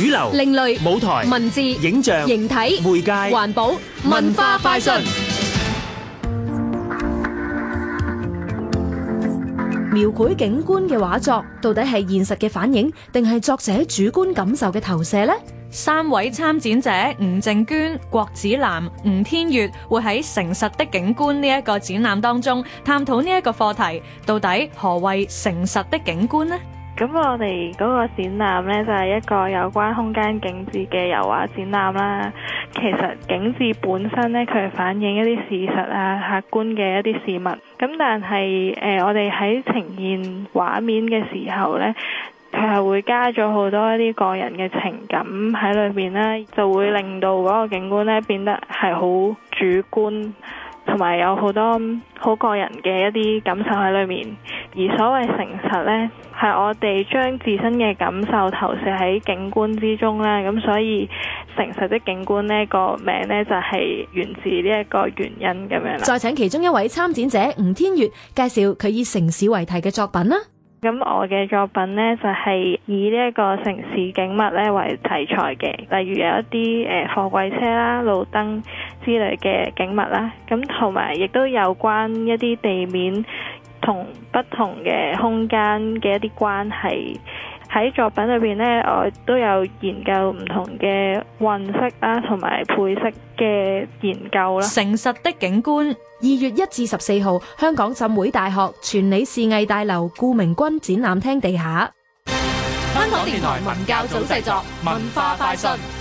主流、另類、舞台、文字、影像、形體、媒介、環保、文化快訊。描繪景觀嘅畫作，到底係現實嘅反應，定係作者主觀感受嘅投射呢？三位參展者吳正娟、郭子楠、吳天月，會喺《誠實的景觀》呢一個展覽當中，探討呢一個課題，到底何謂誠實的景觀呢？咁我哋嗰個展覽咧就係、是、一個有關空間景致嘅油畫展覽啦。其實景致本身咧，佢係反映一啲事實啊，客觀嘅一啲事物。咁但係誒、呃，我哋喺呈現畫面嘅時候咧，佢係會加咗好多一啲個人嘅情感喺裏邊咧，就會令到嗰個景觀咧變得係好主觀，同埋有好多好個人嘅一啲感受喺裏面。而所謂誠實呢，係我哋將自身嘅感受投射喺景觀之中啦。咁所以誠實的景觀呢個名呢，就係、是、源自呢一個原因咁樣啦。再請其中一位參展者吳天月介紹佢以城市為題嘅作品啦。咁我嘅作品呢，就係、是、以呢一個城市景物呢為題材嘅，例如有一啲誒貨櫃車啦、路燈之類嘅景物啦，咁同埋亦都有關一啲地面。同不同嘅空間嘅一啲關係喺作品裏邊咧，我都有研究唔同嘅運色啊，同埋配色嘅研究啦。誠實的景觀，二月一至十四號，香港浸會大學傳理視藝大樓顧明君展覽廳地下。香港電台文教組製作文化快訊。